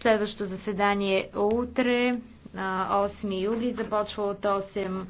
Следващото заседание е утре, 8 юли, започва от 8.